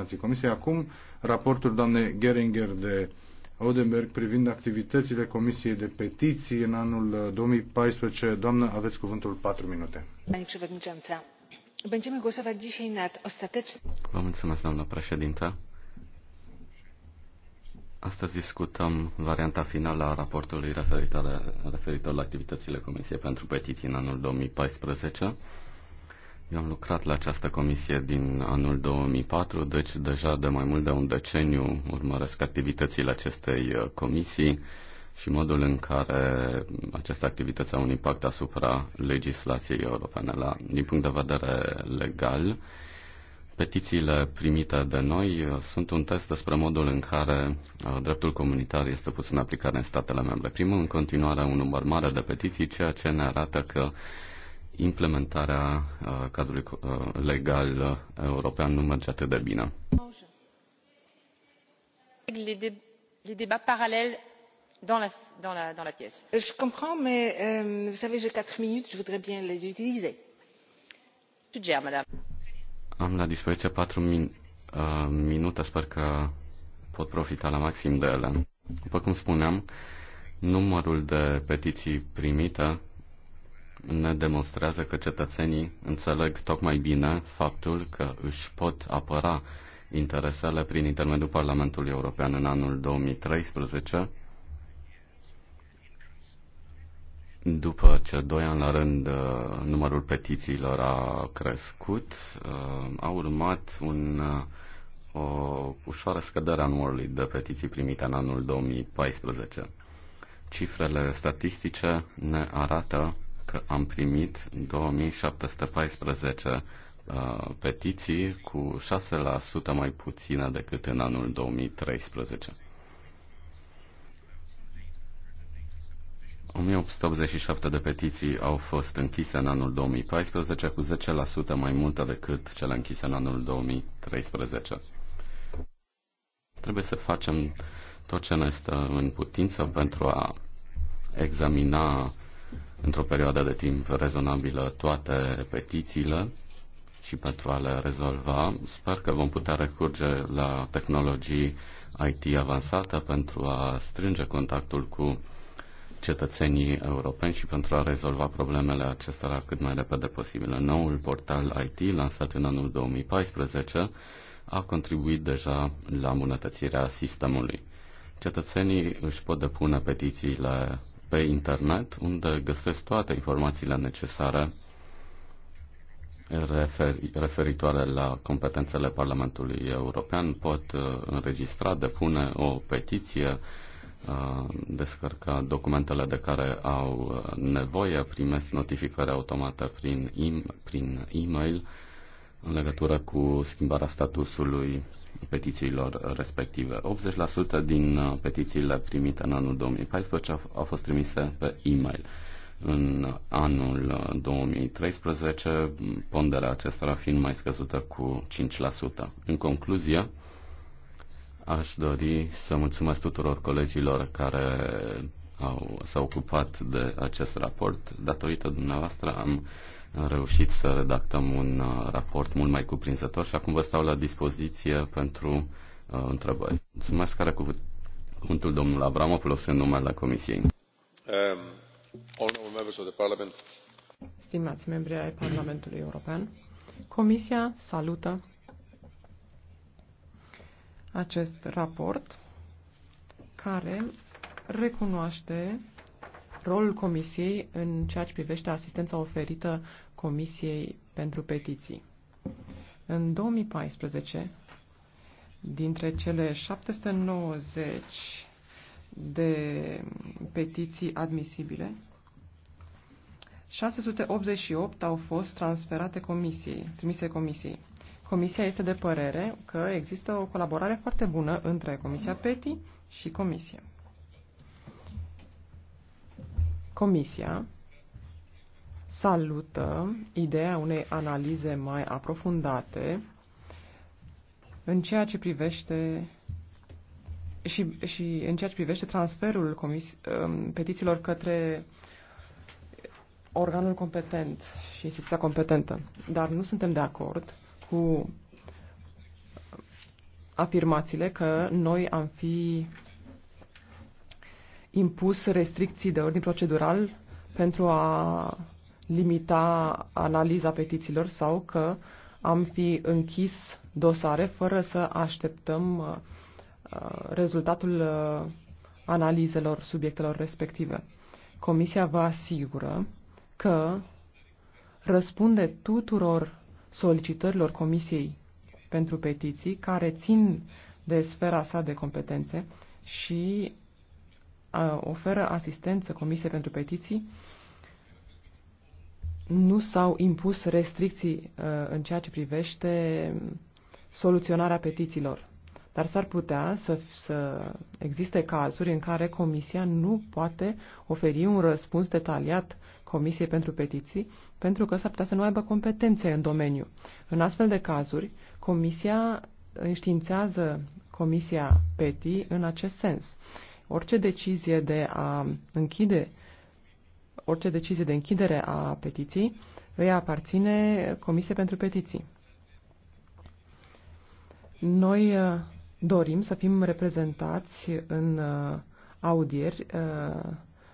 reprezentanții Comisiei. Acum, raportul doamnei Geringer de Odenberg privind activitățile Comisiei de Petiții în anul 2014. Uh, doamnă, aveți cuvântul 4 minute. Vă mulțumesc, doamnă președintă. Astăzi discutăm varianta finală a raportului referitor, referitor la activitățile Comisiei pentru Petiții în anul 2014. Eu am lucrat la această comisie din anul 2004, deci deja de mai mult de un deceniu urmăresc activitățile acestei uh, comisii și modul în care aceste activități au un impact asupra legislației europene. La, din punct de vedere legal, petițiile primite de noi uh, sunt un test despre modul în care uh, dreptul comunitar este pus în aplicare în statele membre. Primul, în continuare, un număr mare de petiții, ceea ce ne arată că implementarea uh, cadrului uh, legal uh, european nu merge atât de bine. les débats parallèles dans la pièce. je comprends mais euh, vous savez j'ai quatre minutes je voudrais bien les utiliser. suggère madame. am la dispoziție patru min, uh, minute sper că pot profita la maxim de ele. După cum spuneam, numărul de petiții primite ne demonstrează că cetățenii înțeleg tocmai bine faptul că își pot apăra interesele prin intermediul Parlamentului European în anul 2013, după ce doi ani la rând uh, numărul petițiilor a crescut, uh, a urmat un, uh, o ușoară scădere a numărului de petiții primite în anul 2014. Cifrele statistice ne arată că am primit 2714 uh, petiții cu 6% mai puține decât în anul 2013. 1887 de petiții au fost închise în anul 2014, cu 10% mai multe decât cele închise în anul 2013. Trebuie să facem tot ce ne stă în putință pentru a examina într-o perioadă de timp rezonabilă toate petițiile și pentru a le rezolva. Sper că vom putea recurge la tehnologii IT avansate pentru a strânge contactul cu cetățenii europeni și pentru a rezolva problemele acestora cât mai repede posibil. Noul portal IT, lansat în anul 2014, a contribuit deja la îmbunătățirea sistemului. Cetățenii își pot depune petițiile pe internet, unde găsesc toate informațiile necesare referitoare la competențele Parlamentului European. Pot uh, înregistra, depune o petiție, uh, descărca documentele de care au uh, nevoie, primesc notificări automată prin, e- prin e-mail în legătură cu schimbarea statusului petițiilor respective. 80% din uh, petițiile primite în anul 2014 au fost trimise pe e-mail. În anul 2013, uh, ponderea acestora fiind mai scăzută cu 5%. În concluzie, aș dori să mulțumesc tuturor colegilor care au, s-au ocupat de acest raport. Datorită dumneavoastră am reușit să redactăm un uh, raport mult mai cuprinzător și acum vă stau la dispoziție pentru uh, întrebări. Mulțumesc, care cuvânt, cuvântul domnul Abramopoulos în numele Comisiei. Um, Stimați membri ai Parlamentului European, Comisia salută acest raport care recunoaște rolul Comisiei în ceea ce privește asistența oferită Comisiei pentru Petiții. În 2014, dintre cele 790 de petiții admisibile, 688 au fost transferate comisiei, trimise comisiei. Comisia este de părere că există o colaborare foarte bună între Comisia PETI și Comisia. Comisia salută ideea unei analize mai aprofundate în ceea ce privește și, și în ceea ce privește transferul comis, um, petițiilor către organul competent și instituția competentă. Dar nu suntem de acord cu afirmațiile că noi am fi impus restricții de ordin procedural pentru a limita analiza petițiilor sau că am fi închis dosare fără să așteptăm uh, uh, rezultatul uh, analizelor subiectelor respective. Comisia vă asigură că răspunde tuturor solicitărilor Comisiei pentru petiții care țin de sfera sa de competențe și oferă asistență Comisiei pentru Petiții, nu s-au impus restricții în ceea ce privește soluționarea petițiilor. Dar s-ar putea să, să existe cazuri în care Comisia nu poate oferi un răspuns detaliat Comisiei pentru Petiții, pentru că s-ar putea să nu aibă competențe în domeniu. În astfel de cazuri, Comisia înștiințează Comisia PETI în acest sens. Orice decizie de a închide orice decizie de închidere a petiției îi aparține Comisiei pentru Petiții. Noi uh, dorim să fim reprezentați în uh, audieri uh,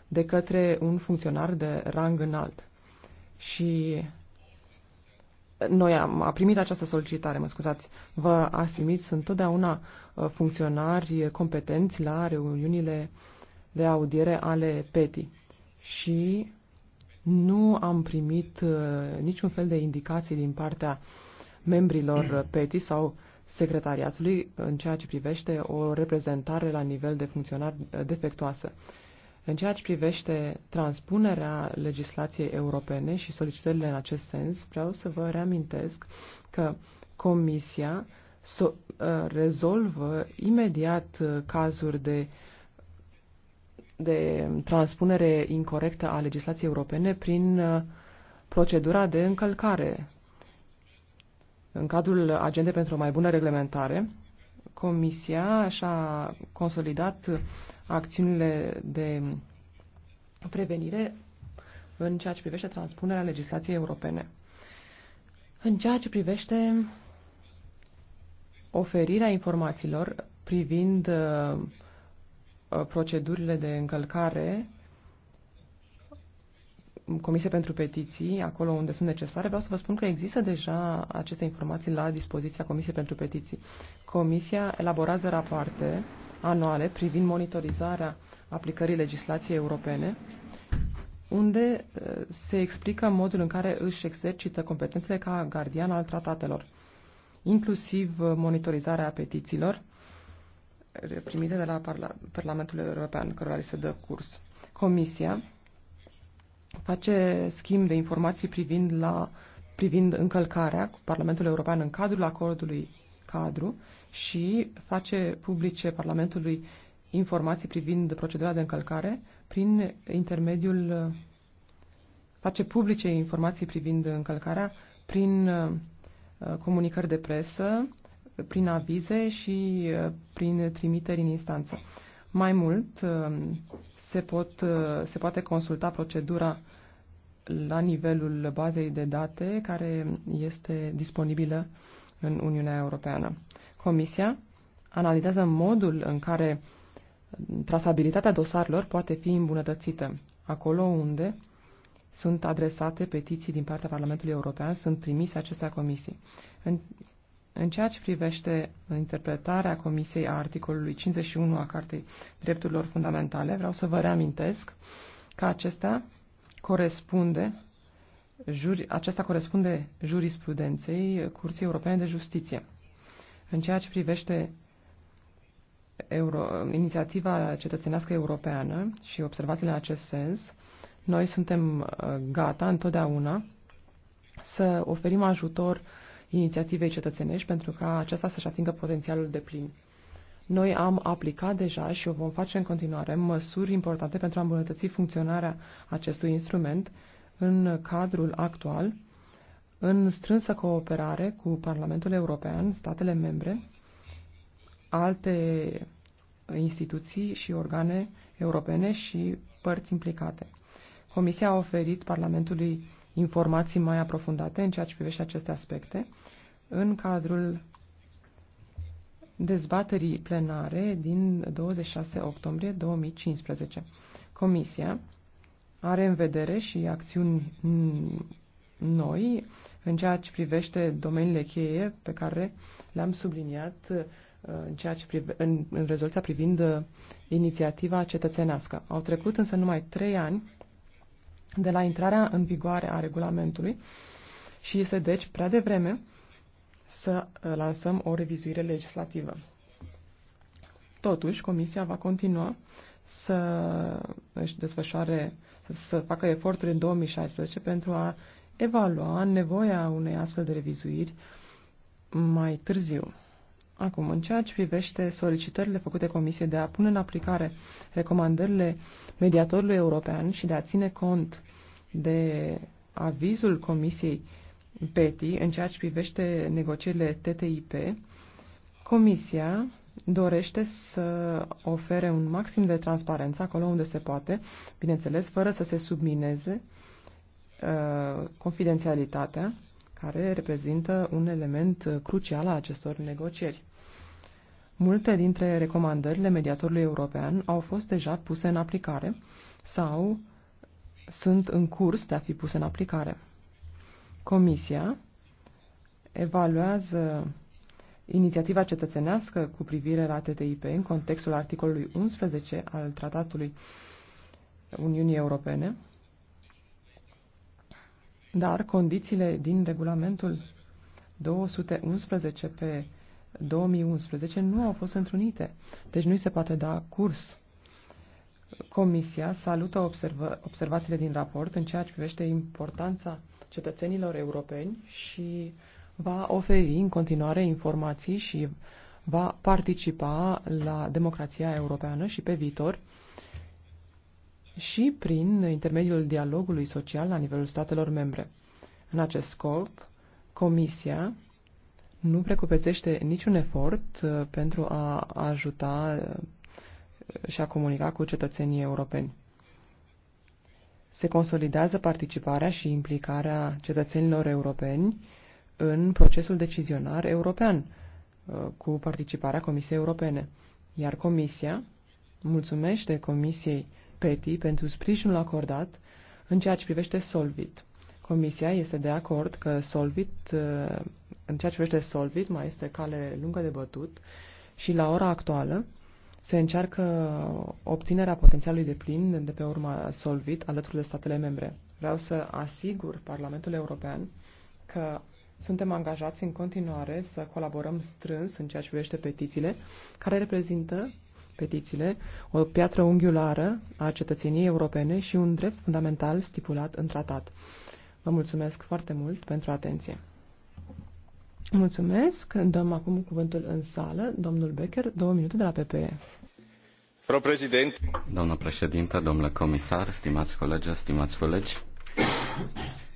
de către un funcționar de rang înalt. Și noi am a primit această solicitare, mă scuzați, vă asumiți, primit, sunt totdeauna uh, funcționari competenți la reuniunile de audiere ale PETI și nu am primit uh, niciun fel de indicații din partea membrilor PETI sau secretariatului în ceea ce privește o reprezentare la nivel de funcționar uh, defectoasă. În ceea ce privește transpunerea legislației europene și solicitările în acest sens, vreau să vă reamintesc că Comisia so- uh, rezolvă imediat uh, cazuri de de transpunere incorrectă a legislației europene prin uh, procedura de încălcare. În cadrul Agendei pentru o mai bună reglementare, Comisia și-a consolidat acțiunile de prevenire în ceea ce privește transpunerea legislației europene. În ceea ce privește oferirea informațiilor privind uh, procedurile de încălcare Comisia pentru Petiții, acolo unde sunt necesare, vreau să vă spun că există deja aceste informații la dispoziția Comisiei pentru Petiții. Comisia elaborează rapoarte anuale privind monitorizarea aplicării legislației europene, unde eh, se explică modul în care își exercită competențele ca gardian al tratatelor, inclusiv monitorizarea petițiilor primite de la Parlamentul European, cărora li se dă curs. Comisia face schimb de informații privind, la, privind încălcarea cu Parlamentul European în cadrul acordului cadru și face publice Parlamentului informații privind procedura de încălcare prin intermediul face publice informații privind încălcarea prin uh, comunicări de presă, prin avize și uh, prin trimiteri în instanță. Mai mult, uh, se, pot, se poate consulta procedura la nivelul bazei de date care este disponibilă în Uniunea Europeană. Comisia analizează modul în care trasabilitatea dosarelor poate fi îmbunătățită. Acolo unde sunt adresate petiții din partea Parlamentului European, sunt trimise acestea comisii. În în ceea ce privește interpretarea Comisiei a articolului 51 a Cartei Drepturilor Fundamentale, vreau să vă reamintesc că acesta corespunde, juri, acesta corespunde jurisprudenței Curții Europene de Justiție. În ceea ce privește Euro, inițiativa cetățenească europeană și observațiile în acest sens, noi suntem uh, gata întotdeauna să oferim ajutor uh, inițiativei cetățenești pentru ca aceasta să-și atingă potențialul de plin. Noi am aplicat deja și o vom face în continuare măsuri importante pentru a îmbunătăți funcționarea acestui instrument în cadrul actual, în strânsă cooperare cu Parlamentul European, statele membre, alte instituții și organe europene și părți implicate. Comisia a oferit Parlamentului informații mai aprofundate în ceea ce privește aceste aspecte în cadrul dezbaterii plenare din 26 octombrie 2015. Comisia are în vedere și acțiuni noi în ceea ce privește domeniile cheie pe care le-am subliniat uh, în, ceea ce prive, în, în rezoluția privind uh, inițiativa cetățenească. Au trecut însă numai trei ani de la intrarea în vigoare a regulamentului și este deci prea devreme să uh, lansăm o revizuire legislativă. Totuși, Comisia va continua să își desfășoare, să facă eforturi în 2016 pentru a evalua nevoia unei astfel de revizuiri mai târziu. Acum, în ceea ce privește solicitările făcute Comisiei de a pune în aplicare recomandările mediatorului european și de a ține cont de avizul Comisiei PETI în ceea ce privește negocierile TTIP, Comisia dorește să ofere un maxim de transparență acolo unde se poate, bineînțeles, fără să se submineze uh, confidențialitatea care reprezintă un element uh, crucial al acestor negocieri. Multe dintre recomandările mediatorului european au fost deja puse în aplicare sau sunt în curs de a fi puse în aplicare. Comisia evaluează inițiativa cetățenească cu privire la TTIP în contextul articolului 11 al Tratatului Uniunii Europene dar condițiile din regulamentul 211 pe 2011 nu au fost întrunite, deci nu se poate da curs. Comisia salută observă, observațiile din raport în ceea ce privește importanța cetățenilor europeni și va oferi în continuare informații și va participa la democrația europeană și pe viitor și prin intermediul dialogului social la nivelul statelor membre. În acest scop, Comisia nu precupețește niciun efort uh, pentru a ajuta uh, și a comunica cu cetățenii europeni. Se consolidează participarea și implicarea cetățenilor europeni în procesul decizionar european uh, cu participarea Comisiei Europene, iar Comisia mulțumește Comisiei PETI pentru sprijinul acordat în ceea ce privește Solvit. Comisia este de acord că Solvit, uh, în ceea ce privește Solvit, mai este cale lungă de bătut și la ora actuală se încearcă obținerea potențialului de plin de pe urma Solvit alături de statele membre. Vreau să asigur Parlamentul European că suntem angajați în continuare să colaborăm strâns în ceea ce privește petițiile, care reprezintă petițiile, o piatră unghiulară a cetățeniei europene și un drept fundamental stipulat în tratat. Vă mulțumesc foarte mult pentru atenție. Mulțumesc. Dăm acum cuvântul în sală. Domnul Becker, două minute de la PPE. Frau Präsident. Doamna președintă, domnule comisar, stimați colegi, stimați colegi,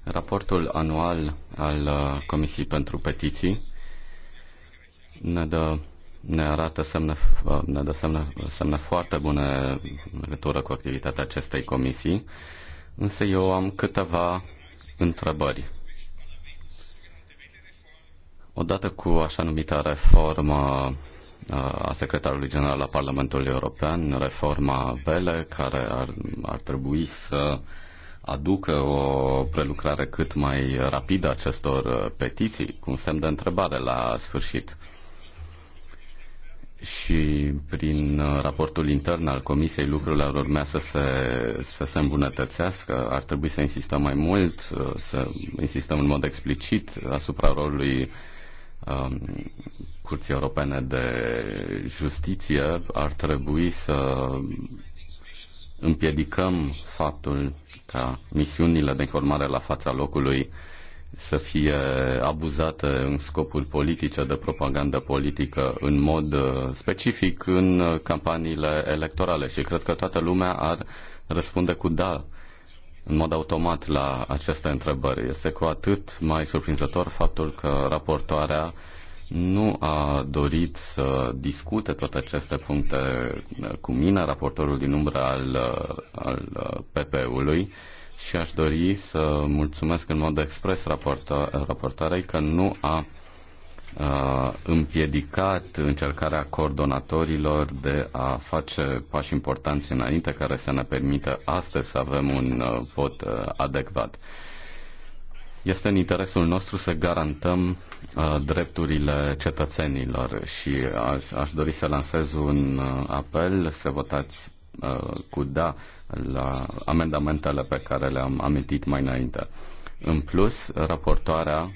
raportul anual al Comisiei pentru Petiții ne dă ne arată semne, ne dă semne, semne foarte bune în legătură cu activitatea acestei comisii, însă eu am câteva întrebări. Odată cu așa numita reformă uh, a secretarului general al Parlamentului European, reforma Vele, care ar, ar trebui să aducă o prelucrare cât mai rapidă acestor uh, petiții, cu un semn de întrebare la sfârșit. Uh, și prin uh, raportul intern al Comisiei lucrurile ar urmea să se, să se îmbunătățească. Ar trebui să insistăm mai mult, uh, să insistăm în mod explicit asupra rolului um, Curții Europene de Justiție. Ar trebui să împiedicăm faptul ca misiunile de informare la fața locului să fie abuzată în scopuri politice de propagandă politică în mod uh, specific în uh, campaniile electorale și cred că toată lumea ar răspunde cu da în mod automat la aceste întrebări. Este cu atât mai surprinzător faptul că raportoarea nu a dorit să discute toate aceste puncte uh, cu mine, raportorul din umbră al, al PP-ului și aș dori să mulțumesc în mod expres raporta, raportarei că nu a uh, împiedicat încercarea coordonatorilor de a face pași importanți înainte care să ne permită astăzi să avem un uh, vot uh, adecvat. Este în interesul nostru să garantăm uh, drepturile cetățenilor și aș, aș dori să lansez un uh, apel să votați Uh, cu da la amendamentele pe care le-am amintit mai înainte. În plus, raportoarea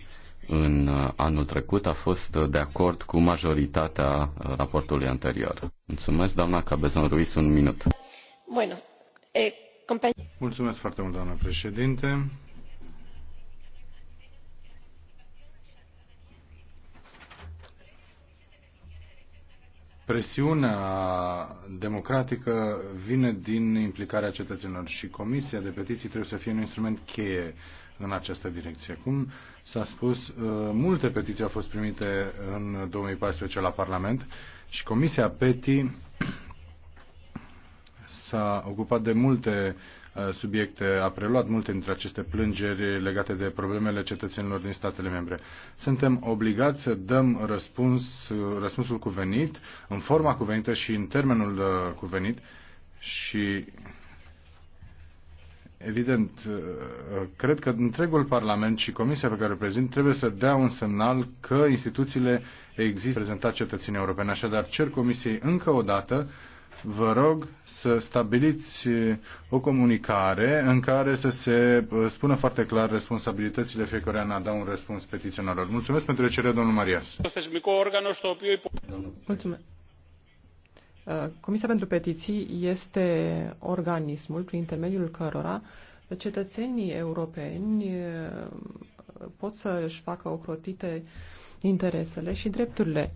în uh, anul trecut a fost de acord cu majoritatea uh, raportului anterior. Mulțumesc, doamna Cabezon Ruiz, un minut. Bueno, eh, Mulțumesc foarte mult, doamna președinte. Presiunea democratică vine din implicarea cetățenilor și Comisia de Petiții trebuie să fie un instrument cheie în această direcție. Cum s-a spus, uh, multe petiții au fost primite în 2014 la Parlament și Comisia PETI s-a ocupat de multe Uh, subiecte, a preluat multe dintre aceste plângeri legate de problemele cetățenilor din statele membre. Suntem obligați să dăm răspuns, răspunsul cuvenit, în forma cuvenită și în termenul uh, cuvenit și evident, uh, cred că întregul Parlament și Comisia pe care o prezint trebuie să dea un semnal că instituțiile există prezentat cetățenii europene. Așadar, cer Comisiei încă o dată vă rog să stabiliți uh, o comunicare în care să se uh, spună foarte clar responsabilitățile fiecare în a da un răspuns petiționarilor. Mulțumesc pentru cerere, domnul Marias. Mulțumesc. Uh, Comisia pentru Petiții este organismul prin intermediul cărora cetățenii europeni pot să își facă ocrotite interesele și drepturile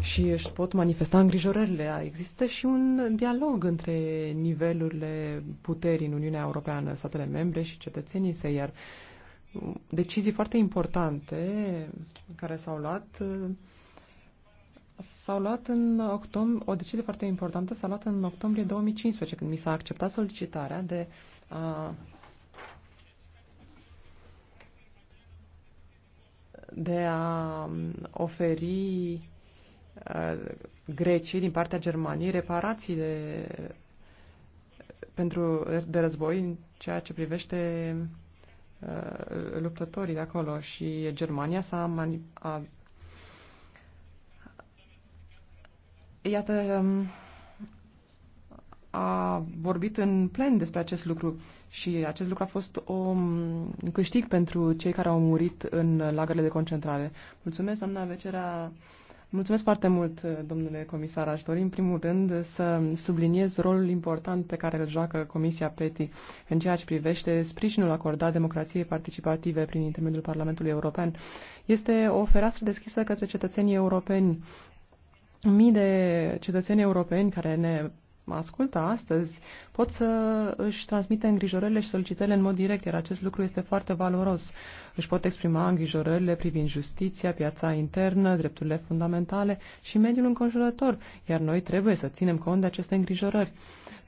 și își pot manifesta îngrijorările. Există și un dialog între nivelurile puterii în Uniunea Europeană, statele membre și cetățenii săi, iar uh, decizii foarte importante care s-au luat uh, s-au luat în octombrie, o decizie foarte importantă s-a luat în octombrie 2015, când mi s-a acceptat solicitarea de a de a um, oferi Grecii din partea Germaniei reparații de, pentru, de război în ceea ce privește uh, luptătorii de acolo și Germania s-a a, iată um, a vorbit în plen despre acest lucru și acest lucru a fost o, um, câștig pentru cei care au murit în lagările de concentrare. Mulțumesc, doamna Vecerea Mulțumesc foarte mult, domnule comisar. Aș dori, în primul rând, să subliniez rolul important pe care îl joacă Comisia PETI în ceea ce privește sprijinul acordat democrației participative prin intermediul Parlamentului European. Este o fereastră deschisă către cetățenii europeni mii de cetățeni europeni care ne mă ascultă astăzi pot să își transmită îngrijorările și solicitările în mod direct, iar acest lucru este foarte valoros. Își pot exprima îngrijorările privind justiția, piața internă, drepturile fundamentale și mediul înconjurător, iar noi trebuie să ținem cont de aceste îngrijorări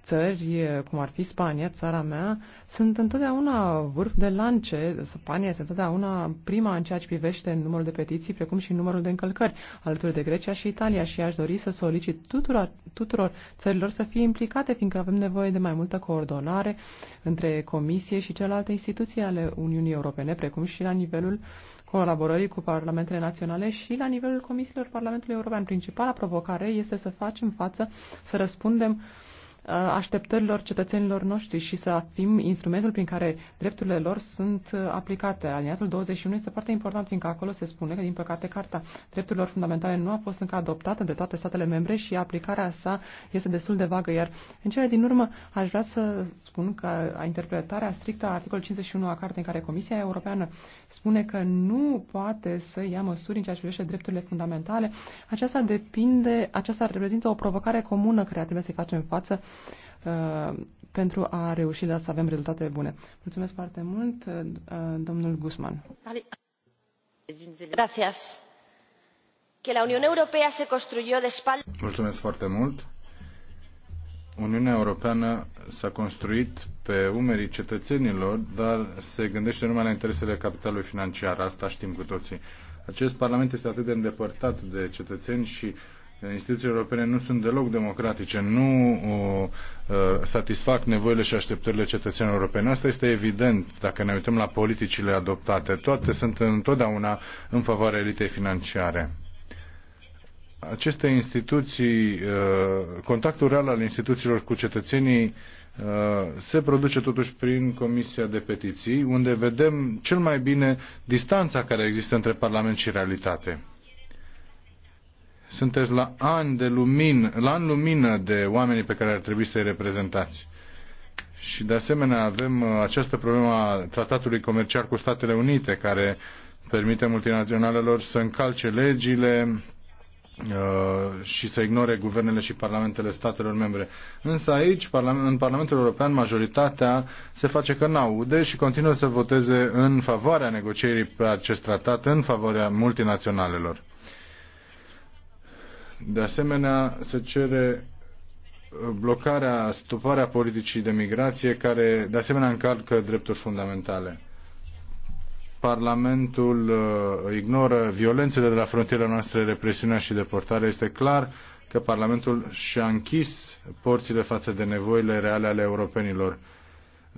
țări, cum ar fi Spania, țara mea, sunt întotdeauna vârf de lance. Spania este întotdeauna prima în ceea ce privește numărul de petiții, precum și numărul de încălcări, alături de Grecia și Italia. Și aș dori să solicit tuturor, tuturor țărilor să fie implicate, fiindcă avem nevoie de mai multă coordonare între Comisie și celelalte instituții ale Uniunii Europene, precum și la nivelul colaborării cu parlamentele naționale și la nivelul comisiilor Parlamentului European. Principala provocare este să facem față, să răspundem uh, Uh, așteptărilor cetățenilor noștri și să fim instrumentul prin care drepturile lor sunt uh, aplicate. Aliniatul 21 este foarte important, fiindcă acolo se spune că, din păcate, Carta Drepturilor Fundamentale nu a fost încă adoptată de toate statele membre și aplicarea sa este destul de vagă. Iar în cele din urmă aș vrea să spun că interpretarea strictă a articolului 51 a cartei în care Comisia Europeană spune că nu poate să ia măsuri în ceea ce privește drepturile fundamentale, aceasta depinde, aceasta reprezintă o provocare comună care trebuie să-i facem față Uh, pentru a reuși la da, să avem rezultate bune. Mulțumesc foarte mult, uh, domnul Guzman. Mulțumesc foarte mult. Uniunea Europeană s-a construit pe umerii cetățenilor, dar se gândește numai la interesele capitalului financiar. Asta știm cu toții. Acest Parlament este atât de îndepărtat de cetățeni și instituțiile europene nu sunt deloc democratice, nu uh, uh satisfac nevoile și așteptările cetățenilor europene. Asta este evident dacă ne uităm la politicile adoptate. Toate sunt întotdeauna în favoarea elitei financiare. Aceste instituții, uh, contactul real al instituțiilor cu cetățenii uh, se produce totuși prin Comisia de Petiții, unde vedem cel mai bine distanța care există între Parlament și realitate sunteți la ani de lumină, la an lumină de oamenii pe care ar trebui să-i reprezentați. Și de asemenea avem uh, această problemă a tratatului comercial cu Statele Unite, care permite multinaționalelor să încalce legile uh, și să ignore guvernele și parlamentele statelor membre. Însă aici, în Parlamentul European, majoritatea se face că n-aude și continuă să voteze în favoarea negocierii pe acest tratat, în favoarea multinaționalelor. De asemenea, se cere uh, blocarea, stoparea politicii de migrație, care de asemenea încalcă drepturi fundamentale. Parlamentul uh, ignoră violențele de la frontierele noastre, represiunea și deportarea. Este clar că Parlamentul și-a închis porțile față de nevoile reale ale europenilor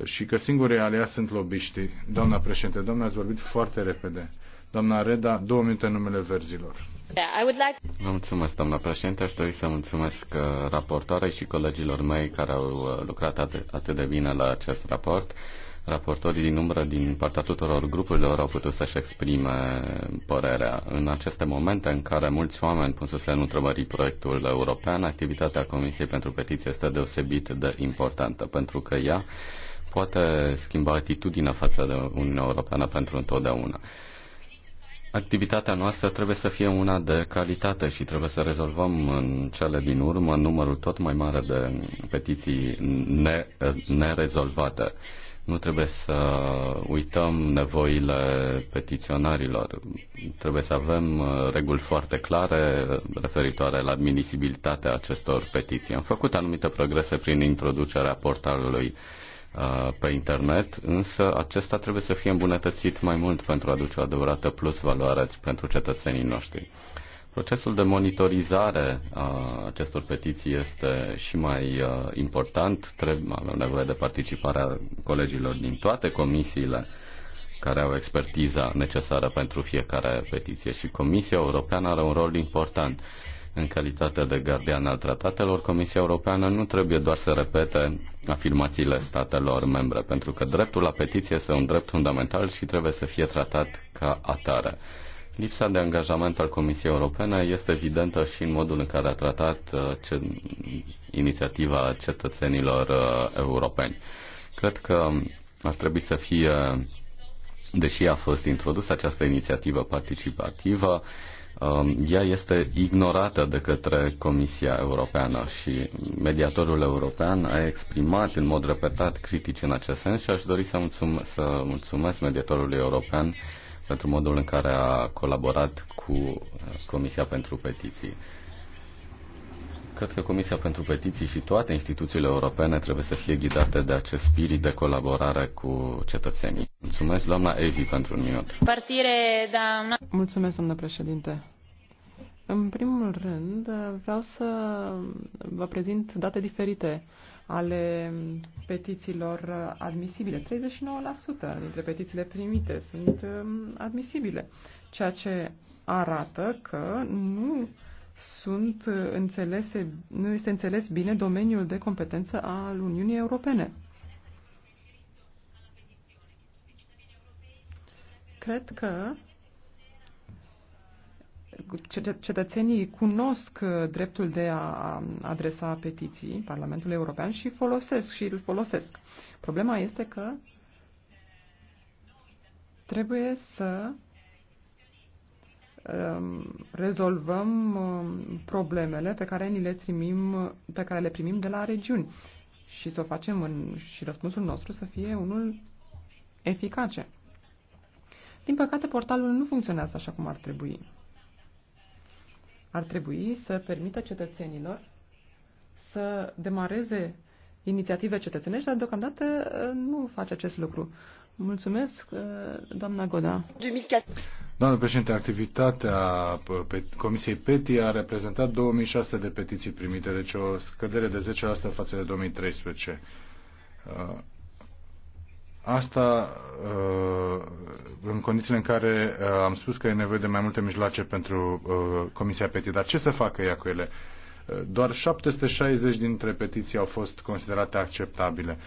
și că singurii aliați sunt lobiștii. Doamna președinte, doamna, ați vorbit foarte repede. Doamna Reda, două minute în numele verzilor. Vă mulțumesc, doamna președinte. Aș dori să mulțumesc uh, raportoarei și colegilor mei care au uh, lucrat atât de bine la acest raport. Raportorii din umbră din partea tuturor grupurilor au putut să-și exprime părerea. În aceste momente în care mulți oameni pun să se întrebării proiectul european, activitatea Comisiei pentru Petiție este deosebit de importantă, pentru că ea poate schimba atitudinea față de Uniunea Europeană pentru întotdeauna. Activitatea noastră trebuie să fie una de calitate și trebuie să rezolvăm în cele din urmă numărul tot mai mare de petiții ne, nerezolvate. Nu trebuie să uităm nevoile petiționarilor. Trebuie să avem uh, reguli foarte clare referitoare la admisibilitatea acestor petiții. Am făcut anumite progrese prin introducerea portalului Uh, pe internet, însă acesta trebuie să fie îmbunătățit mai mult pentru a aduce o adevărată plus valoare pentru cetățenii noștri. Procesul de monitorizare a acestor petiții este și mai uh, important. Trebuie, avem nevoie de participarea colegilor din toate comisiile care au expertiza necesară pentru fiecare petiție și Comisia Europeană are un rol important în calitate de gardian al tratatelor, Comisia Europeană nu trebuie doar să repete afirmațiile statelor membre, pentru că dreptul la petiție este un drept fundamental și trebuie să fie tratat ca atare. Lipsa de angajament al Comisiei Europene este evidentă și în modul în care a tratat uh, ce, inițiativa cetățenilor uh, europeni. Cred că ar trebui să fie, deși a fost introdusă această inițiativă participativă, Um, ea este ignorată de către Comisia Europeană și mediatorul european a exprimat în mod repetat critici în acest sens și aș dori să mulțum- să mulțumesc mediatorului european pentru modul în care a colaborat cu uh, Comisia pentru Petiții. Cred că Comisia pentru Petiții și toate instituțiile europene trebuie să fie ghidate de acest spirit de colaborare cu cetățenii. Mulțumesc, doamna Evi, pentru un minut. Partire, doamna... Mulțumesc, doamna președinte. În primul rând, vreau să vă prezint date diferite ale petițiilor admisibile. 39% dintre petițiile primite sunt um, admisibile, ceea ce arată că nu sunt uh, înțelese, nu este înțeles bine domeniul de competență al Uniunii Europene. Cred că cetățenii cunosc uh, dreptul de a adresa petiții Parlamentului European și folosesc și îl folosesc. Problema este că trebuie să Um, rezolvăm um, problemele pe care, ni le, trimim, pe care le primim de la regiuni și să o facem în, și răspunsul nostru să fie unul eficace. Din păcate, portalul nu funcționează așa cum ar trebui. Ar trebui să permită cetățenilor să demareze inițiative cetățenești, dar deocamdată uh, nu face acest lucru. Mulțumesc, uh, doamna Goda. Doamnă președinte, activitatea uh, Comisiei PETI a reprezentat 2600 de petiții primite, deci o scădere de 10% față de 2013. Uh, asta în condițiile în care am spus că e nevoie de mai multe mijloace pentru Comisia PETI, dar ce să facă ea cu ele? Doar 760 dintre petiții au fost considerate acceptabile.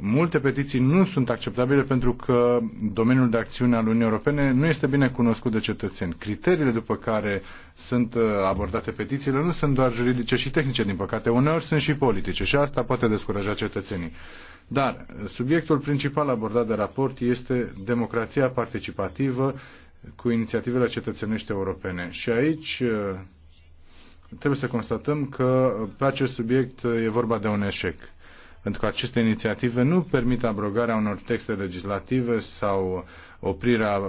Multe petiții nu sunt acceptabile pentru că domeniul de acțiune al Uniunii Europene nu este bine cunoscut de cetățeni. Criteriile după care sunt uh, abordate petițiile nu sunt doar juridice și tehnice, din păcate, uneori sunt și politice și asta poate descuraja cetățenii. Dar uh, subiectul principal abordat de raport este democrația participativă cu inițiativele cetățenești europene. Și aici uh, trebuie să constatăm că pe acest subiect e vorba de un eșec pentru că aceste inițiative nu permit abrogarea unor texte legislative sau oprirea uh,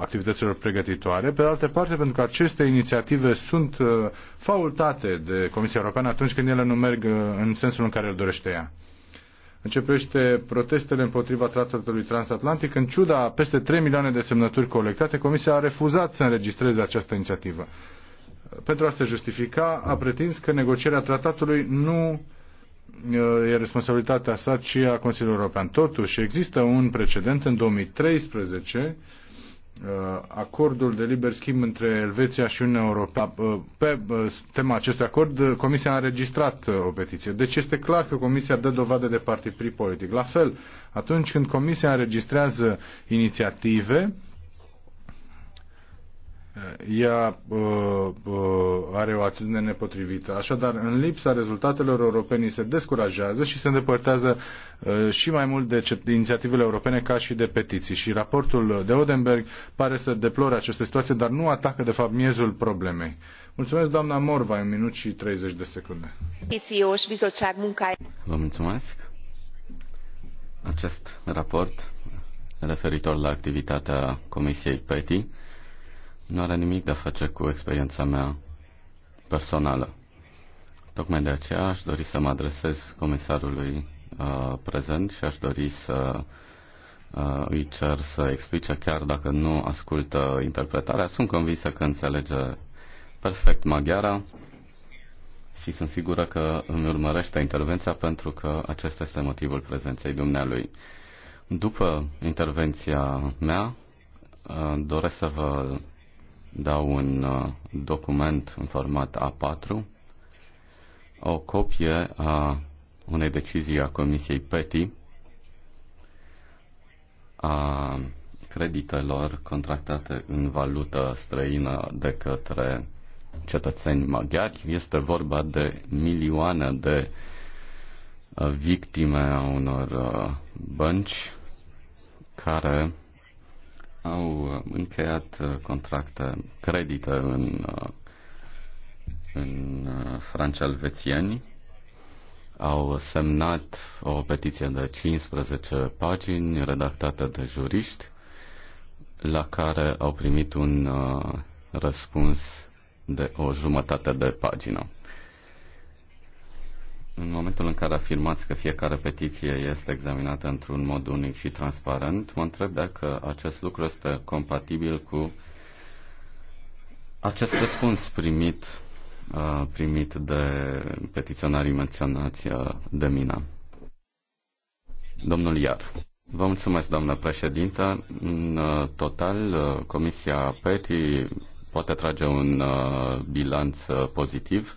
activităților pregătitoare. Pe de altă parte, pentru că aceste inițiative sunt uh, faultate de Comisia Europeană atunci când ele nu merg uh, în sensul în care îl dorește ea. Începește protestele împotriva tratatului transatlantic. În ciuda peste 3 milioane de semnături colectate, Comisia a refuzat să înregistreze această inițiativă. Pentru a se justifica, a pretins că negocierea tratatului nu e responsabilitatea sa, ci a Consiliului European. Totuși, există un precedent în 2013 uh, acordul de liber schimb între Elveția și Uniunea Europeană. Uh, pe uh, tema acestui acord, Comisia a înregistrat o petiție. Deci este clar că Comisia dă dovadă de partid politic. La fel, atunci când Comisia înregistrează inițiative, ea uh, uh, are o atitudine nepotrivită. Așadar, în lipsa rezultatelor europenii se descurajează și se îndepărtează uh, și mai mult de ce, inițiativele europene ca și de petiții. Și raportul de Odenberg pare să deplore această situație, dar nu atacă, de fapt, miezul problemei. Mulțumesc, doamna Morva, în minut și 30 de secunde. Vă mulțumesc. Acest raport referitor la activitatea Comisiei PETI nu are nimic de a face cu experiența mea personală. Tocmai de aceea aș dori să mă adresez comisarului uh, prezent și aș dori să uh, îi cer să explice chiar dacă nu ascultă interpretarea. Sunt convinsă că înțelege perfect maghiara și sunt sigură că îmi urmărește intervenția pentru că acesta este motivul prezenței dumnealui. După intervenția mea, uh, doresc să vă dau un uh, document în format A4, o copie a unei decizii a Comisiei PETI a creditelor contractate în valută străină de către cetățeni maghiari. Este vorba de milioane de uh, victime a unor uh, bănci care au uh, încheiat uh, contracte, credite în, uh, în franci elvețieni, au semnat o petiție de 15 pagini redactată de juriști, la care au primit un răspuns de o jumătate de pagină. În momentul în care afirmați că fiecare petiție este examinată într-un mod unic și transparent, mă întreb dacă acest lucru este compatibil cu acest răspuns primit, uh, primit de petiționarii menționați uh, de mine. Domnul Iar. Vă mulțumesc, doamnă președintă. În uh, total, Comisia PETI poate trage un bilanț pozitiv.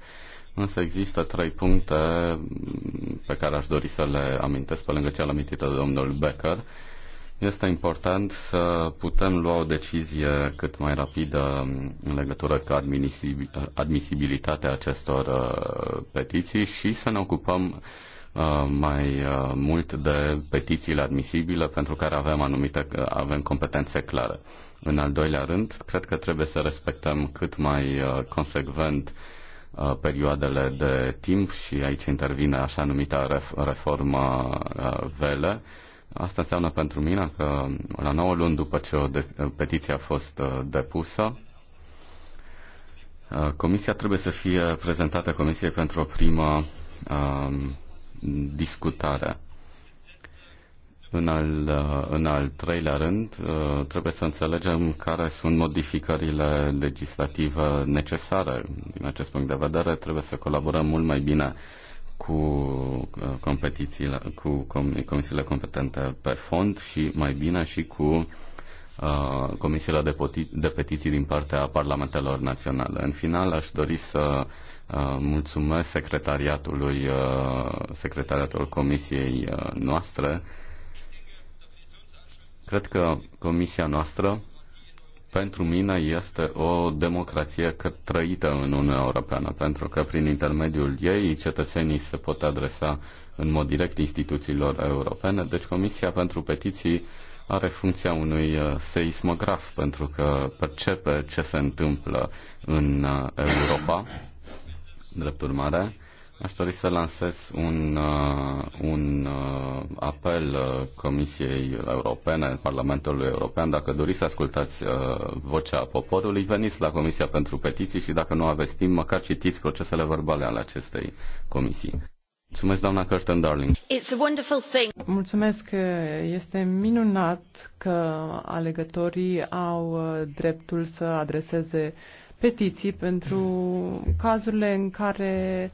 Însă există trei puncte mm, pe care aș dori să le amintesc pe lângă cea amintită de domnul Becker. Este important să putem lua o decizie cât mai rapidă în legătură cu admisibilitatea acestor uh, petiții și să ne ocupăm uh, mai uh, mult de petițiile admisibile pentru care avem anumite avem competențe clare. În al doilea rând, cred că trebuie să respectăm cât mai consecvent Uh, perioadele de timp și aici intervine așa numita reformă uh, vele. Asta înseamnă pentru mine că la 9 luni după ce o de- petiție a fost uh, depusă, Comisia trebuie să fie prezentată Comisiei pentru o primă um, discutare. În al, uh, în al treilea rând, uh, trebuie să înțelegem care sunt modificările legislative necesare. Din acest punct de vedere, trebuie să colaborăm mult mai bine cu uh, competițiile, cu comisiile competente pe fond și mai bine și cu comisiile de, poti- de petiții din partea parlamentelor naționale. În final, aș dori să mulțumesc secretariatului, secretariatul comisiei noastre Cred că comisia noastră, pentru mine, este o democrație trăită în Uniunea Europeană, pentru că prin intermediul ei cetățenii se pot adresa în mod direct instituțiilor europene. Deci Comisia pentru Petiții are funcția unui uh, seismograf, pentru că percepe ce se întâmplă în uh, Europa. Drept urmare, Aș dori să lansez un, uh, un uh, apel uh, Comisiei Europene, Parlamentului European. Dacă doriți să ascultați uh, vocea poporului, veniți la Comisia pentru Petiții și dacă nu aveți timp, măcar citiți procesele verbale ale acestei comisii. Mulțumesc, doamna Curtin Darling. It's a wonderful thing. Mulțumesc. Este minunat că alegătorii au uh, dreptul să adreseze petiții pentru cazurile în care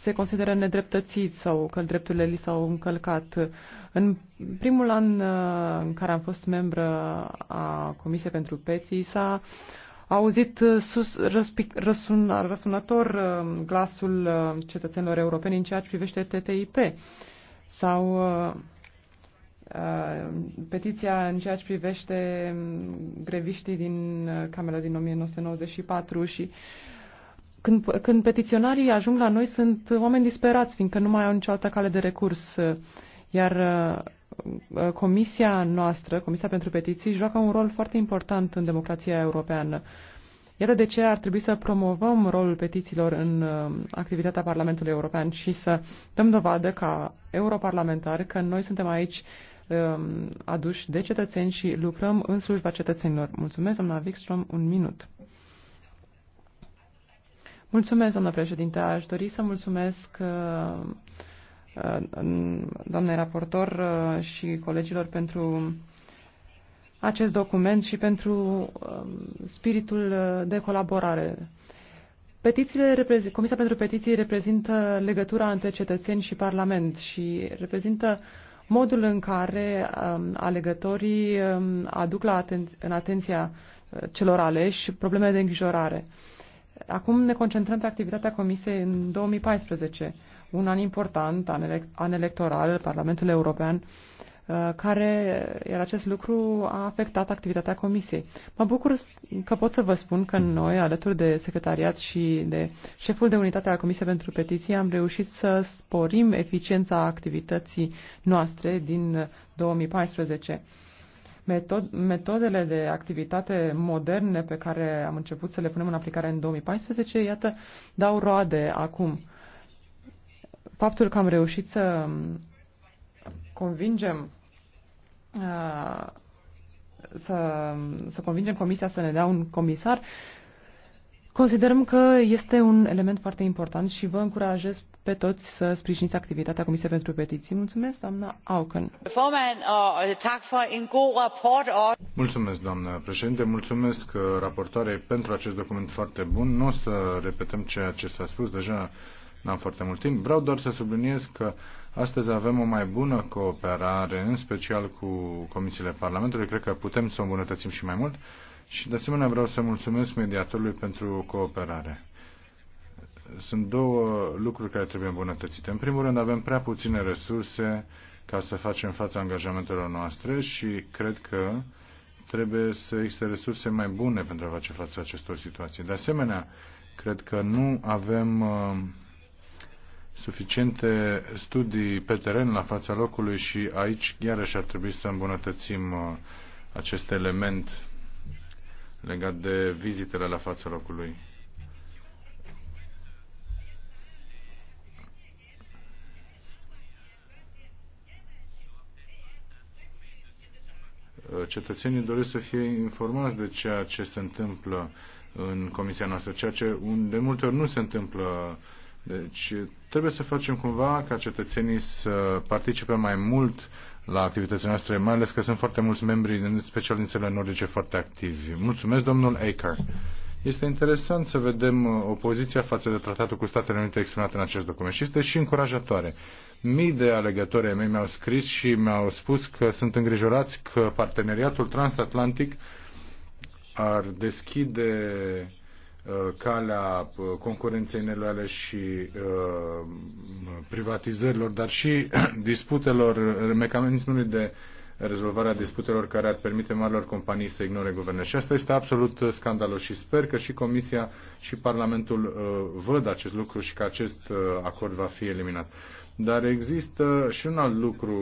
se consideră nedreptățit sau că drepturile li s-au încălcat. În primul an uh, în care am fost membră a Comisiei pentru Peții s-a auzit uh, sus, răspic, răsun, răsunător uh, glasul cetățenilor europeni în ceea ce privește TTIP sau petiția în ceea ce privește um, greviștii din Camera din 1994 și uh, când, când petiționarii ajung la noi, sunt oameni disperați, fiindcă nu mai au nicio altă cale de recurs. Iar uh, uh, comisia noastră, Comisia pentru Petiții, joacă un rol foarte important în democrația europeană. Iată de ce ar trebui să promovăm rolul petițiilor în uh, activitatea Parlamentului European și să dăm dovadă ca europarlamentari că noi suntem aici um, aduși de cetățeni și lucrăm în slujba cetățenilor. Mulțumesc, doamna Wikström, un minut. Mulțumesc, doamnă președinte. Aș dori să mulțumesc uh, uh, doamnei raportor uh, și colegilor pentru acest document și pentru um, spiritul de colaborare. Petițiile Comisia pentru Petiții reprezintă legătura între cetățeni și Parlament și reprezintă modul în care um, alegătorii um, aduc la aten- în atenția celor aleși probleme de îngrijorare. Acum ne concentrăm pe activitatea Comisiei în 2014, un an important, an, an electoral, Parlamentul European, uh, care, iar acest lucru a afectat activitatea Comisiei. Mă bucur că pot să vă spun că noi, alături de secretariat și de șeful de unitate al Comisiei pentru Petiții, am reușit să sporim eficiența activității noastre din 2014. Metod, metodele de activitate moderne pe care am început să le punem în aplicare în 2014, iată, dau roade acum. Faptul că am reușit să convingem uh, să, să convingem Comisia să ne dea un comisar Considerăm că este un element foarte important și vă încurajez pe toți să sprijiniți activitatea Comisiei pentru Petiții. Mulțumesc, doamna Auken. Mulțumesc, doamna președinte. Mulțumesc uh, raportoarei pentru acest document foarte bun. Nu o să repetăm ceea ce s-a spus deja n-am foarte mult timp. Vreau doar să subliniez că astăzi avem o mai bună cooperare, în special cu comisiile Parlamentului. Cred că putem să o îmbunătățim și mai mult. Și de asemenea vreau să mulțumesc mediatorului pentru cooperare. Sunt două lucruri care trebuie îmbunătățite. În primul rând avem prea puține resurse ca să facem fața angajamentelor noastre și cred că trebuie să existe resurse mai bune pentru a face față acestor situații. De asemenea, cred că nu avem uh, suficiente studii pe teren la fața locului și aici iarăși ar trebui să îmbunătățim uh, acest element legat de vizitele la fața locului. Cetățenii doresc să fie informați de ceea ce se întâmplă în comisia noastră, ceea ce de multe ori nu se întâmplă. Deci trebuie să facem cumva ca cetățenii să participe mai mult la activitățile noastre, mai ales că sunt foarte mulți membri, în special din țările nordice, foarte activi. Mulțumesc, domnul Aker. Este interesant să vedem uh, opoziția față de tratatul cu Statele Unite exprimată în acest document și este și încurajatoare. Mii de alegători ai mei mi-au scris și mi-au spus că sunt îngrijorați că parteneriatul transatlantic ar deschide Uh, calea uh, concurenței neloiale și uh, privatizărilor, dar și disputelor, mecanismului de rezolvarea disputelor care ar permite marilor companii să ignore guverne. Și asta este absolut scandalos și sper că și Comisia și Parlamentul văd acest lucru și că acest acord va fi eliminat. Dar există și un alt lucru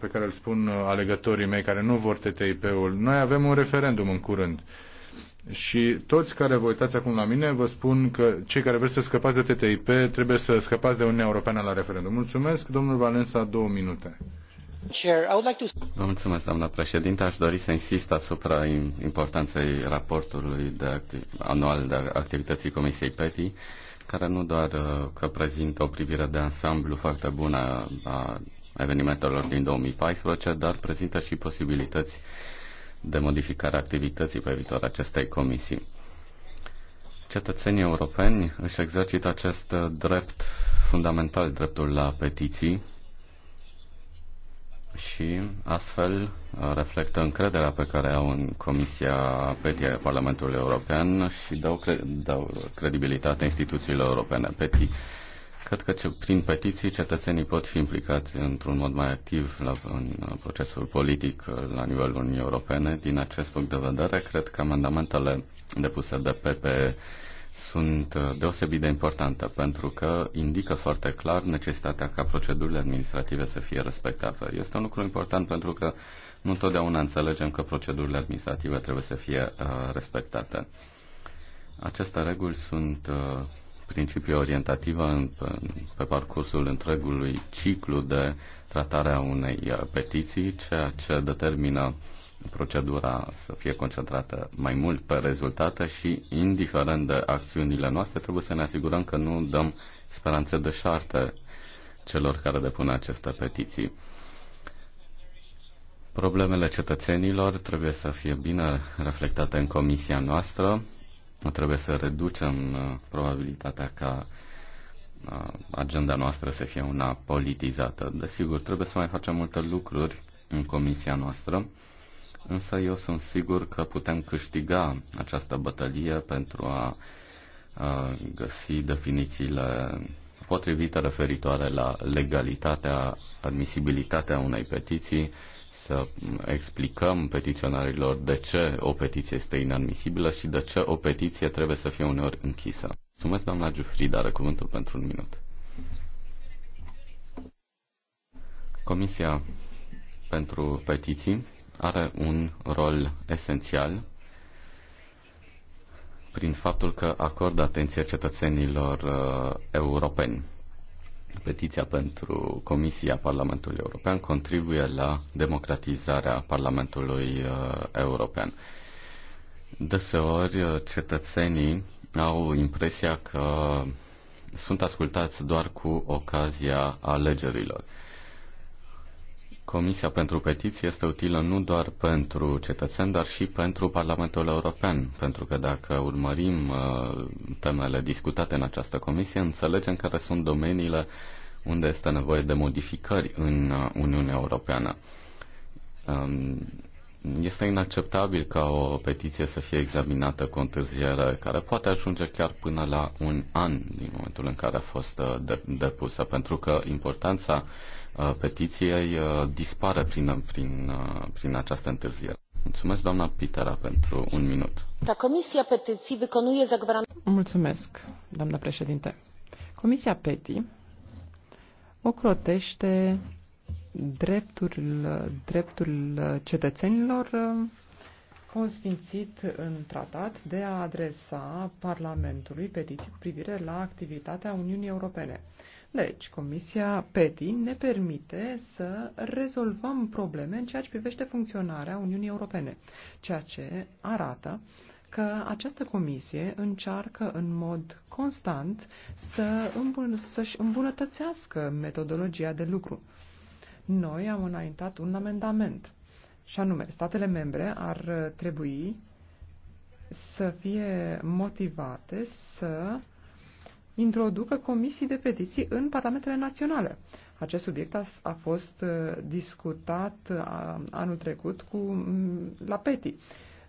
pe care îl spun alegătorii mei care nu vor TTIP-ul. Noi avem un referendum în curând și toți care vă uitați acum la mine, vă spun că cei care vreți să scăpați de TTIP trebuie să scăpați de Uniunea Europeană la referendum. Mulțumesc, domnul Valensa, două minute. Vă mulțumesc, doamna președinte. Aș dori să insist asupra importanței raportului de activ- anual de activității Comisiei PETI, care nu doar uh, că prezintă o privire de ansamblu foarte bună a evenimentelor din 2014, dar prezintă și posibilități uh, de modificare a activității pe viitor acestei comisii. Cetățenii europeni își exercită acest drept fundamental, dreptul la petiții, și astfel uh, reflectă încrederea pe care au în Comisia PETI a Parlamentului European și dau, cre- dau credibilitate instituțiilor europene. PETI Cred că prin petiții cetățenii pot fi implicați într-un mod mai activ la, în uh, procesul politic uh, la nivelul Uniunii Europene. Din acest punct de vedere, cred că amendamentele depuse de PPE sunt uh, deosebit de importante pentru că indică foarte clar necesitatea ca procedurile administrative să fie respectate. Este un lucru important pentru că nu întotdeauna înțelegem că procedurile administrative trebuie să fie uh, respectate. Aceste reguli sunt uh, orientativă în, pe parcursul întregului ciclu de tratare a unei uh, petiții, ceea ce determină procedura să fie concentrată mai mult pe rezultate și, indiferent de acțiunile noastre, trebuie să ne asigurăm că nu dăm speranțe de șarte celor care depun aceste petiții. Problemele cetățenilor trebuie să fie bine reflectate în comisia noastră Trebuie să reducem uh, probabilitatea ca uh, agenda noastră să fie una politizată. Desigur, trebuie să mai facem multe lucruri în comisia noastră, însă eu sunt sigur că putem câștiga această bătălie pentru a găsi definițiile potrivite referitoare la legalitatea, admisibilitatea unei petiții, să explicăm petiționarilor de ce o petiție este inadmisibilă și de ce o petiție trebuie să fie uneori închisă. Mulțumesc, doamna Giufrida, are cuvântul pentru un minut. Comisia pentru petiții are un rol esențial prin faptul că acordă atenție cetățenilor uh, europeni. Petiția pentru Comisia Parlamentului European contribuie la democratizarea Parlamentului uh, European. Deseori uh, cetățenii au impresia că sunt ascultați doar cu ocazia alegerilor. Comisia pentru petiții este utilă nu doar pentru cetățeni, dar și pentru Parlamentul European, pentru că dacă urmărim uh, temele discutate în această comisie, înțelegem care sunt domeniile unde este nevoie de modificări în uh, Uniunea Europeană. Um, este inacceptabil ca o petiție să fie examinată cu întârziere, care poate ajunge chiar până la un an din momentul în care a fost uh, depusă, pentru că importanța uh, Uh, petiției uh, dispare prin, prin, uh, prin această întârziere. Mulțumesc, doamna Pitera, pentru un minut. Da, Comisia Petiții wykonuje zagwarantowanie... Mulțumesc, doamna președinte. Comisia PETI ocrotește dreptul, dreptul cetățenilor consfințit în tratat de a adresa Parlamentului petiții cu privire la activitatea Uniunii Europene. Deci, Comisia PETI ne permite să rezolvăm probleme în ceea ce privește funcționarea Uniunii Europene, ceea ce arată că această comisie încearcă în mod constant să îmbun- să-și îmbunătățească metodologia de lucru. Noi am înaintat un amendament, și anume, statele membre ar trebui să fie motivate să introducă comisii de petiții în parlamentele naționale. Acest subiect a, a fost uh, discutat uh, a, anul trecut cu, mm, la PETI.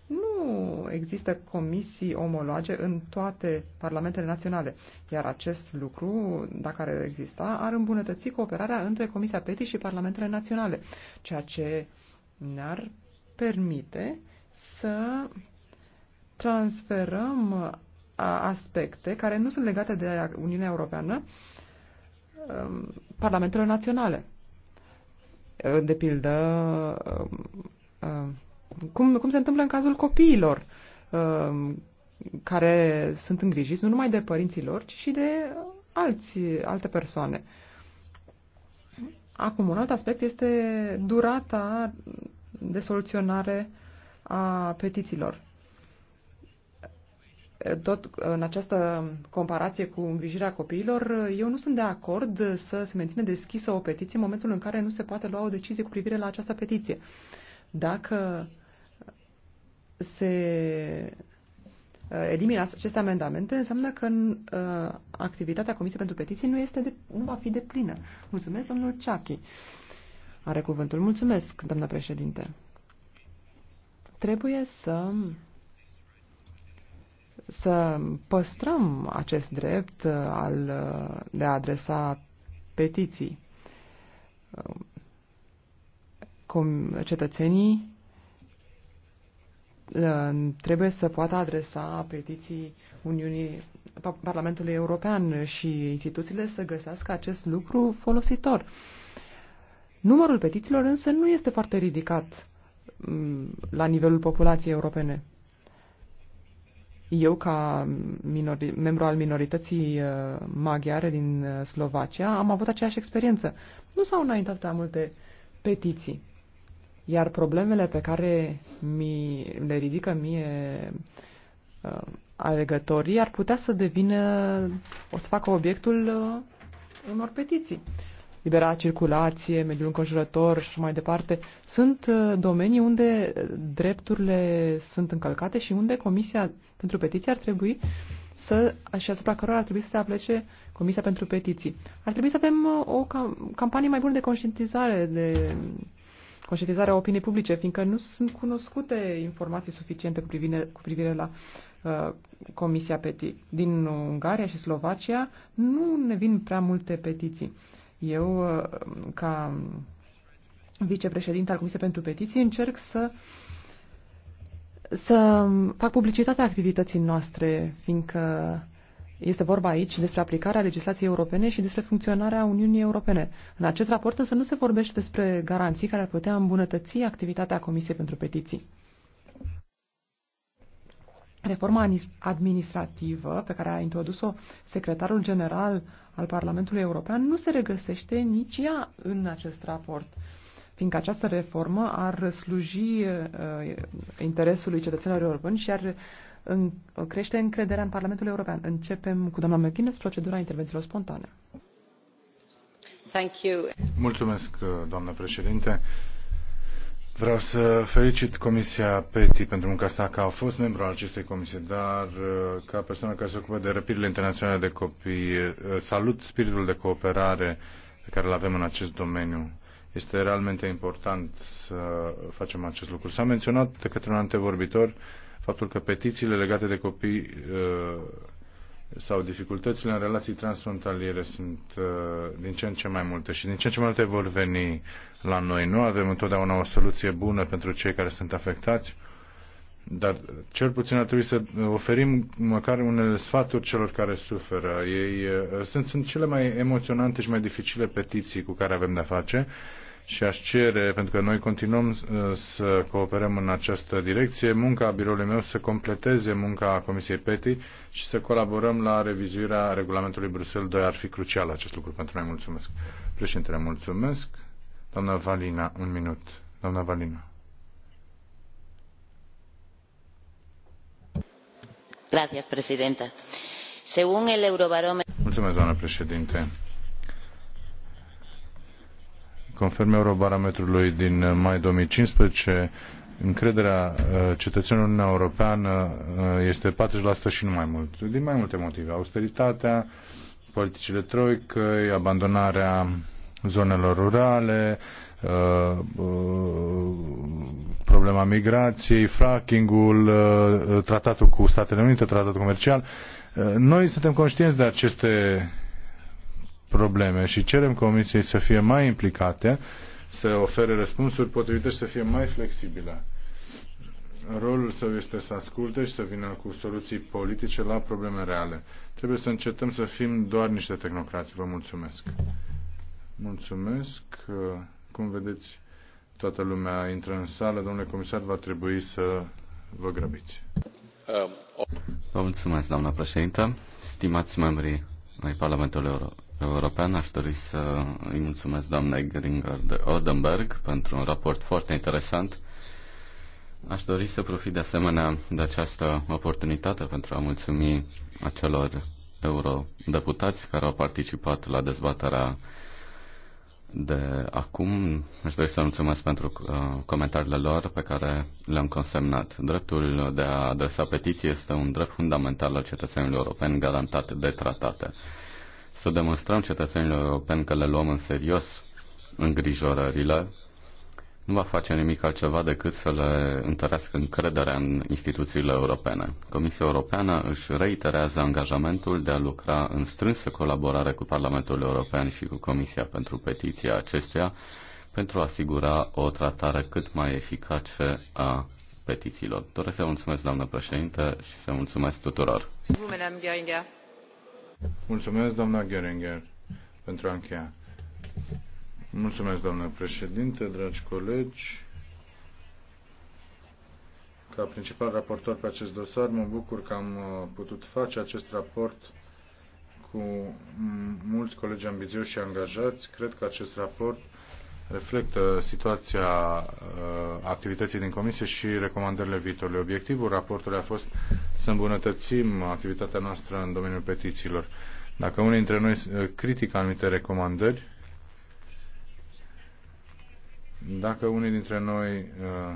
Nu există comisii omologe în toate parlamentele naționale, iar acest lucru, dacă ar exista, ar îmbunătăți cooperarea între Comisia PETI și parlamentele naționale, ceea ce ne-ar permite să transferăm aspecte care nu sunt legate de Uniunea Europeană um, parlamentele naționale. Uh, de pildă, um, uh, cum, cum se întâmplă în cazul copiilor um, care sunt îngrijiți nu numai de părinții lor, ci și de alți, alte persoane. Acum, un alt aspect este durata de soluționare a petițiilor tot în această comparație cu îngrijirea copiilor, eu nu sunt de acord să se menține deschisă o petiție în momentul în care nu se poate lua o decizie cu privire la această petiție. Dacă se uh, elimina aceste amendamente, înseamnă că uh, activitatea Comisiei pentru Petiții nu, este de, nu va fi de plină. Mulțumesc, domnul Ceachi. Are cuvântul. Mulțumesc, doamna președinte. Trebuie să să păstrăm acest drept uh, al, uh, de a adresa petiții. Uh, com, cetățenii trebuie să poată adresa petiții Uniunii Parlamentului European și instituțiile să găsească acest lucru folositor. Numărul petițiilor însă nu este foarte ridicat mm, la nivelul populației europene. Eu, ca minori, membru al minorității uh, maghiare din uh, Slovacia, am avut aceeași experiență. Nu s-au înaintat prea multe petiții. Iar problemele pe care mi le ridică mie uh, alegătorii ar putea să devină, o să facă obiectul uh, unor petiții libera circulație, mediul înconjurător și mai departe, sunt uh, domenii unde drepturile sunt încălcate și unde Comisia pentru Petiții ar trebui să, și asupra cărora ar trebui să se aplece Comisia pentru Petiții. Ar trebui să avem uh, o campanie mai bună de conștientizare, de conștientizare a opiniei publice, fiindcă nu sunt cunoscute informații suficiente cu privire, cu privire la uh, Comisia Peti. Din Ungaria și Slovacia nu ne vin prea multe petiții. Eu, uh, ca vicepreședinte al Comisiei pentru Petiții, încerc să să fac publicitatea activității noastre, fiindcă este vorba aici despre aplicarea legislației europene și despre funcționarea Uniunii Europene. În acest raport însă nu se vorbește despre garanții care ar putea îmbunătăți activitatea Comisiei pentru Petiții. Reforma administrativă pe care a introdus-o secretarul general al Parlamentului European nu se regăsește nici ea în acest raport, fiindcă această reformă ar sluji uh, interesului cetățenilor europeni și ar în, crește încrederea în Parlamentul European. Începem cu doamna McGuinness procedura intervențiilor spontane. Mulțumesc, doamnă președinte Vreau să felicit Comisia PETI pentru munca sa, că a fost membru al acestei comisii, dar uh, ca persoană care se ocupă de răpirile internaționale de copii, uh, salut spiritul de cooperare pe care îl avem în acest domeniu. Este realmente important să facem acest lucru. S-a menționat de către un antevorbitor faptul că petițiile legate de copii uh, sau dificultățile în relații transfrontaliere sunt din ce în ce mai multe și din ce în ce mai multe vor veni la noi. Nu avem întotdeauna o soluție bună pentru cei care sunt afectați, dar cel puțin ar trebui să oferim măcar unele sfaturi celor care suferă. Ei sunt, sunt cele mai emoționante și mai dificile petiții cu care avem de-a face și aș cere, pentru că noi continuăm uh, să cooperăm în această direcție, munca biroului meu să completeze munca Comisiei PETI și să colaborăm la revizuirea regulamentului Bruxelles 2. Ar fi crucial acest lucru pentru noi. Mulțumesc. Președintele, mulțumesc. Doamna Valina, un minut. Doamna Valina. Gracias, presidenta. Según el Eurobarometer... Mulțumesc, doamnă președinte. Conform Eurobarometrului din mai 2015, încrederea uh, cetățenilor în Uniunea Europeană uh, este 40% și nu mai mult. Din mai multe motive. Austeritatea, politicile troicăi, abandonarea zonelor rurale, uh, uh, problema migrației, frackingul, uh, tratatul cu Statele Unite, tratatul comercial. Noi suntem conștienți de aceste probleme și cerem Comisiei să fie mai implicate, să ofere răspunsuri potrivite și să fie mai flexibile. Rolul său este să asculte și să vină cu soluții politice la probleme reale. Trebuie să încetăm să fim doar niște tehnocrați. Vă mulțumesc. Mulțumesc. Cum vedeți, toată lumea intră în sală. Domnule comisar, va trebui să vă grăbiți. Vă mulțumesc, doamna președintă. Stimați membrii ai Parlamentului Euro- European, aș dori să îi mulțumesc doamnei Gringer de Odenberg pentru un raport foarte interesant. Aș dori să profit de asemenea de această oportunitate pentru a mulțumi acelor eurodeputați care au participat la dezbaterea de acum. Aș dori să mulțumesc pentru uh, comentariile lor pe care le-am consemnat. Dreptul de a adresa petiții este un drept fundamental al cetățenilor europeni garantat de tratate. Să demonstrăm cetățenilor europeni că le luăm în serios îngrijorările nu va face nimic altceva decât să le întărească încrederea în instituțiile europene. Comisia Europeană își reiterează angajamentul de a lucra în strânsă colaborare cu Parlamentul European și cu Comisia pentru petiția acestuia pentru a asigura o tratare cât mai eficace a petițiilor. Doresc să mulțumesc, doamnă președinte, și să mulțumesc tuturor. Mulțumesc, doamna Göringer, pentru a încheia. Mulțumesc, doamnă președinte, dragi colegi. Ca principal raportor pe acest dosar, mă bucur că am uh, putut face acest raport cu mulți colegi ambițioși și angajați. Cred că acest raport reflectă situația uh, activității din comisie și recomandările viitorului. Obiectivul raportului a fost să îmbunătățim activitatea noastră în domeniul petițiilor. Dacă unii dintre noi uh, critică anumite recomandări, dacă unii dintre noi uh,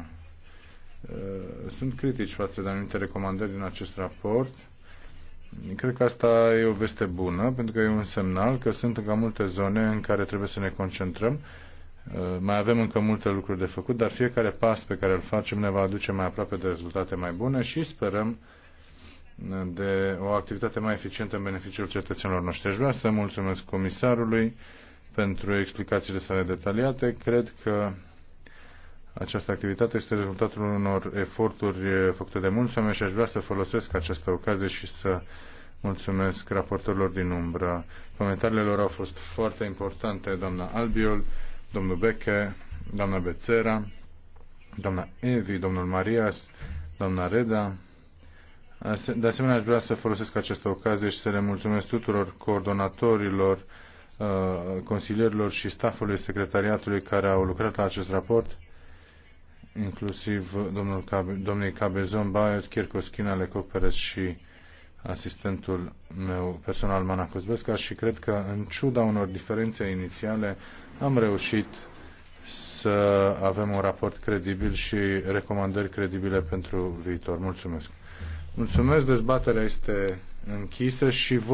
uh, sunt critici față de anumite recomandări din acest raport, cred că asta e o veste bună, pentru că e un semnal că sunt încă multe zone în care trebuie să ne concentrăm. Uh, mai avem încă multe lucruri de făcut, dar fiecare pas pe care îl facem ne va aduce mai aproape de rezultate mai bune și sperăm uh, de o activitate mai eficientă în beneficiul cetățenilor noștri. Aș vrea să mulțumesc comisarului pentru explicațiile sale detaliate. Cred că această activitate este rezultatul unor eforturi făcute de mulți oameni și aș vrea să folosesc această ocazie și să mulțumesc raportorilor din umbră. Comentariile lor au fost foarte importante, doamna Albiol, domnul Beche, doamna Bețera, doamna Evi, domnul Marias, doamna Reda. De asemenea, aș vrea să folosesc această ocazie și să le mulțumesc tuturor coordonatorilor consilierilor și stafului secretariatului care au lucrat la acest raport, inclusiv domnul Cabe, domnii Cabezon Baez, Chircos Chinale Lecoperes și asistentul meu personal, Mana Cozbesca, și cred că, în ciuda unor diferențe inițiale, am reușit să avem un raport credibil și recomandări credibile pentru viitor. Mulțumesc! Mulțumesc, dezbaterea este închisă și vot